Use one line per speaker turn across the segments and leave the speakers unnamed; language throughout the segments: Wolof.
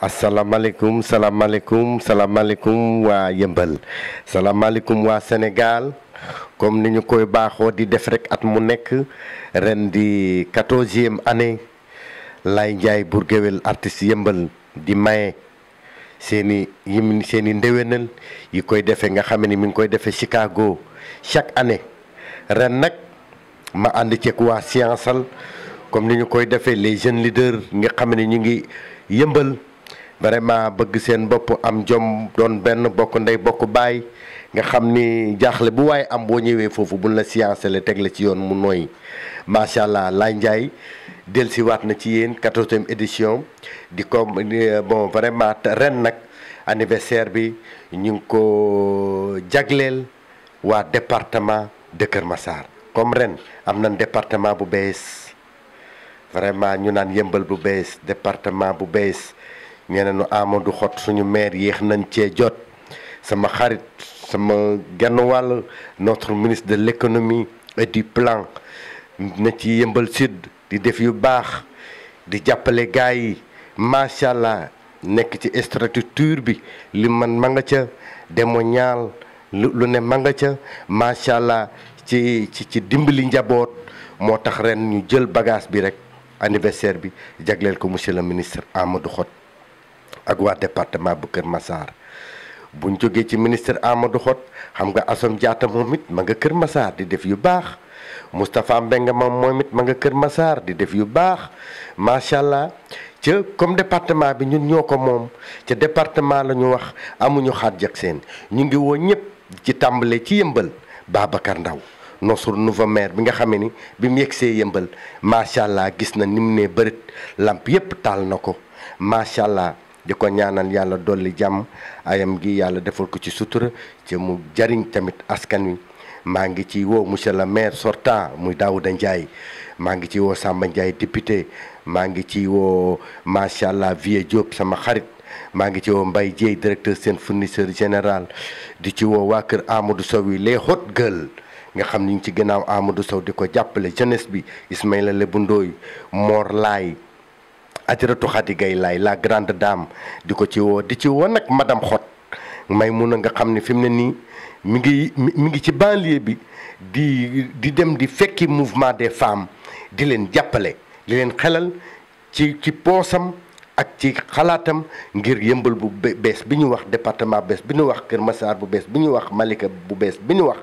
asalaamaaleykum salaamaaleykum salaamaaleykum waa yëmbal salaamaaleykum waa Sénégal comme ni ñu koy baaxoo di def rek at mu nekk ren di quatorzième année lay Ndiaye Bour Gueweul artiste yëmbal di maye seeni yi seeni ndéwénal yi koy defee nga xam ni mi ngi koy defee Chicago chaque année ren nag ma ànd ceeg waa Scienceal comme ni ñu koy defee les jeunes leaders nga xam ne ñu ngi yëmbal. vraiment bëgg seen bopp am jom doon benn bokk ndey bokk baay nga xam ni jaaxle bu waaye am boo ñëwee foofu bu la science la teg ci yoon mu nooy macha allah Laye Ndiaye dellusi waat na ci yéen quatorzième édition di ko bon vraiment ren nag anniversaire bi ñu ngi ko jagleel waa département de Kër comme ren am na département bu bees vraiment ñu naan yëmbal bu bees département bu bees ñeneen Amadou Xot suñu maire yéex nañ cee jot sama xarit sama genn wàll notre ministre de l'économie et du plan na ci yëmbal sud di def yu baax di jàppale gars yi macha allah nekk ci structure bi li man ma nga ca demoñaal lu ne ma nga ca macha allah ci ci ci dimbali njaboot moo tax ren ñu jël bagage bi rek anniversaire bi jagleel ko monsieur le ministre Amadou Xot ak waa département bu Kër Massar buñ jógee ci ministre Amadou Hott xam nga Assome Diatta moom ma nga Kër Massar di def yu baax Moustapha Mbengue moom ma nga Kër masaar di def yu baax macha allah ca comme département bi ñun ñoo ko moom ca département la ñu wax amuñu xaaj ak seen ñu ngi woo ñëpp ci tàmbale ci yëmbal Babacar Ndaw nosur nouveau maire bi nga xamee ni bi mu yegsee yëmbal macha allah gis na ni ne nee bërit lamp yëpp taal na ko macha allah. di ko ñaanal yàlla dolli jàmm ayam gi yàlla defal ko ci sutura ci mu jariñ tamit askan wi maa ngi ci woo monsieur le maire sortant muy Daouda Ndiaye maa ngi ci woo Samba Ndiaye député maa ngi ci woo macha allah Vieux Diop sama xarit maa ngi ci woo mbay Dieye directeur seen fournisseur général di ci woo waa kër Amadou Sow yi les hot girls nga xam ni ñu ci ginnaaw Amadou Sow di ko jàppale jeunesse bi Ismaïla Lebou Ndoye Mor Laye ajaratu Xadi Gay Laay la grande dame di ko ci woo di ci woo nag madame Xot Maymuna nga xam ne fi mu ne nii mi ngi mi ngi ci banlieue bi di di dem di fekki mouvement des femmes di leen jàppale di leen xelal ci ci poosam ak ci xalaatam ngir yëmbal bu bees bi ñu wax departement bees bi ñu wax Kër Massar bu bees bi ñu wax Malika bu bees bi ñu wax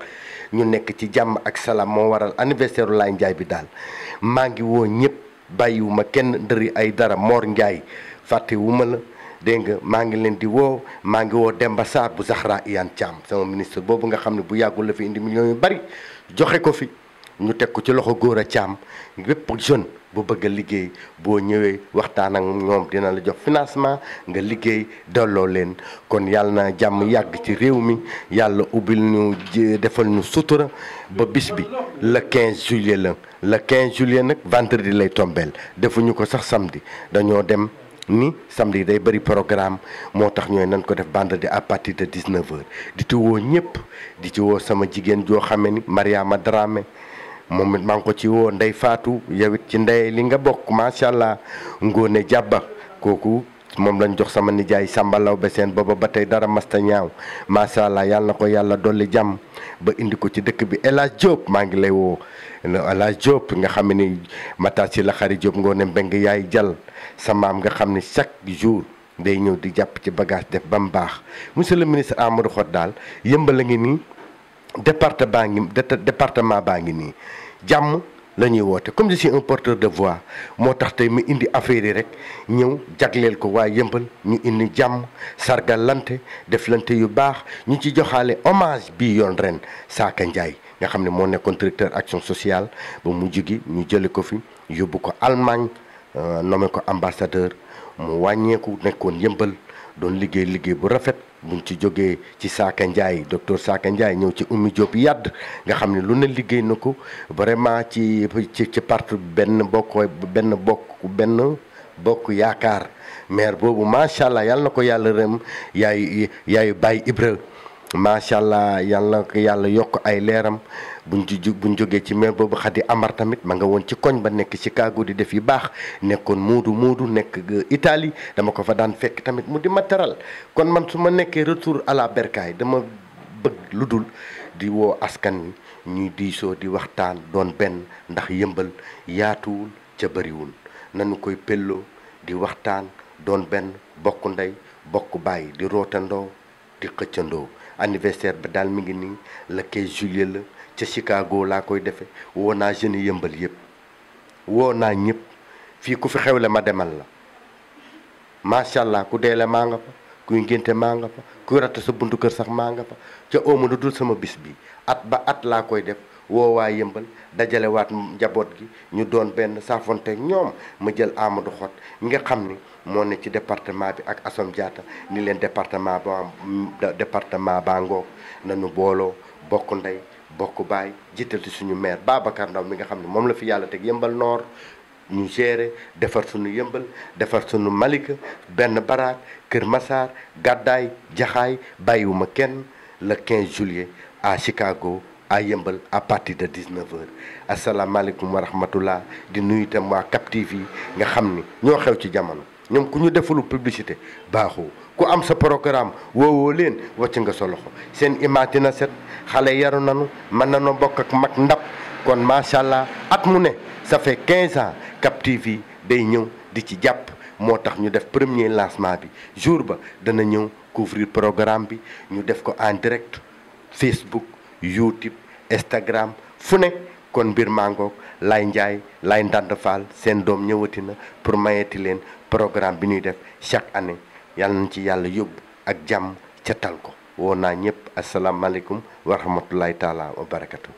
ñu nekk ci jàmm ak salaam moo waral anniversaire Laye njaay bi daal maa ngi woo ñëpp bàyyiwu ma kenn ndëri ay dara moor Ndiaye fàttewuma la dégg nga maa ngi leen di woo maa ngi woo Demba Sarr bu Zahra Iyane Thiam sama ministre boobu nga xam ne bu yàggul la fi indi millions yu bari joxe ko fi ñu teg ko ci loxo góor a caam bépp jeune bu bëgg a liggéey boo ñëwee waxtaan ak ñoom dina la jox financement nga liggéey delloo leen kon yàlla na jàmm yàgg ci réew mi yàlla ubbil ñu defal ñu sutura ba bis bi la 15 juillet la le 15 juillet nag vendredi lay tombeel defuñu ko sax samdi dañoo dem ni samedi day bëri programme moo tax ñooy nañ ko def vendredi à partir de 19h di ci woo ñëpp di ci woo sama jigéen joo xame ni Mariama Dramé moom it maa ngi ko ci woo ndey faatu yow ci ndey li nga bokk macha allah ngóone jàbba kooku moom lañ jox sama nijaay sàmbalaw ba seen booba ba tey dara masta ñaaw macha allah yàlla na ko yàlla dolli jàmm ba indi ko ci dëkk bi El Hadj maa ngi lay woo El Hadj Diop nga xam ni mata ci la xari Diop ngoone mbeng yaay jal sa maam nga xam ni chaque jour day ñëw di jàpp ci bagage def ba mu baax monsieur le ministre Amadou Hott daal yëmbal a ngi nii département baa ngi département baa ngi nii jàmm lañuy woote comme je suis un porteur de voix moo tax tey mu indi affaire yi rek ñëw jagleel ko waa yëmbal ñu indi jàmm sargalante deflante yu baax ñu ci joxaale hommage bii yoon ren Saaka Ndiaye nga xam ne moo nekkoon directeur action sociale ba mu jigi ñu jële ko fi yóbbu ko Allemagne euh, nommé ko ambassadeur mu wàññeeku nekkoon yëmbal doon liggéey liggéey bu rafet bu buñ ci jógee ci Saaka Ndiaye docteur Saaka Ndiaye ñëw ci Oumy Diop yàdd nga xam ne lu ne liggéey na ko vraiment ci ci ci parti benn bokk benn bokk benn bokk yaakaar maire boobu macha allah yàlla na ko yàlla rem yaay yaayu Baye Ibra macha allah yàlla na ko yàlla yokk ay leeram buñ ci buñ jógee ci maire boobu Xadi Amar tamit ma nga woon ci koñ ba nekk Chicago di def yu baax nekkoon Moodu Moodu nekk euh, itali dama ko fa daan fekk tamit mu di ma teral kon man su ma nekkee retour à la dama bëgg lu dul di woo askan wi ñuy diisoo di waxtaan doon benn ndax yëmbal yaatuwul ca bëriwul nañu koy pelloo di waxtaan doon benn bokk ndey bokk bàyyi di rootandoo di xëccandoo anniversaire bi daal mi ngi nii le 15 juillet la. ca Chicago laa koy defe woo naa jeunes yëmbal yépp woo naa ñëpp fii ku fi xewle ma demal la macha allah ku deele maa nga fa kuy ngénte maa nga fa kuy ratta sa buntu kër sax maa nga fa ca ooma lu dul sama bis bi at ba at laa koy def woo waa yëmbal dajale waat njaboot gi ñu doon benn saafonte ñoom ma jël Amadou Xot mi nga xam ni moo ne ci département bi ak Assome Diatta ni leen département ba département baa ngoog nañu booloo bokk ndey bokk baay jiital ci suñu maire Babacar Ndaw mi nga xam ne moom la fi yàlla teg yëmbal noor ñu gérer defar suñu yëmbal defar suñu Malika benn baraak Kër Massar gàddaay jaxaay bàyyiwuma kenn le 15 juillet à Chicago à yëmbal à partir de 19 heures asalaamaaleykum wa rahmatullah di nuyu itam waa Cap TV yi nga xam ni ñoo xew ci jamono ñoom ku ñu defulu publicité baaxoo ku am sa programme woowoo leen wacc nga sa loxo seen image na set xale yaru nanu mën nañoo bokk ak mag ndab kon macha allah at mu ne ça fait 15 ans Cap TV day ñëw di ci jàpp moo tax ñu def premier lancement bi jour ba dana ñëw couvrir programme bi ñu def ko en direct Facebook YouTube Instagram fu nekk kon mbir mangoog lay njaay lay ndànd faal seen doom ñëwati na pour mayeti leen programme bi ñuy def chaque année yàlla nañ ci yàlla yóbbu ak jàmm ca tal ko woo naa ñëpp asalaamaaleykum wa rahmatulahi taala wa barakatu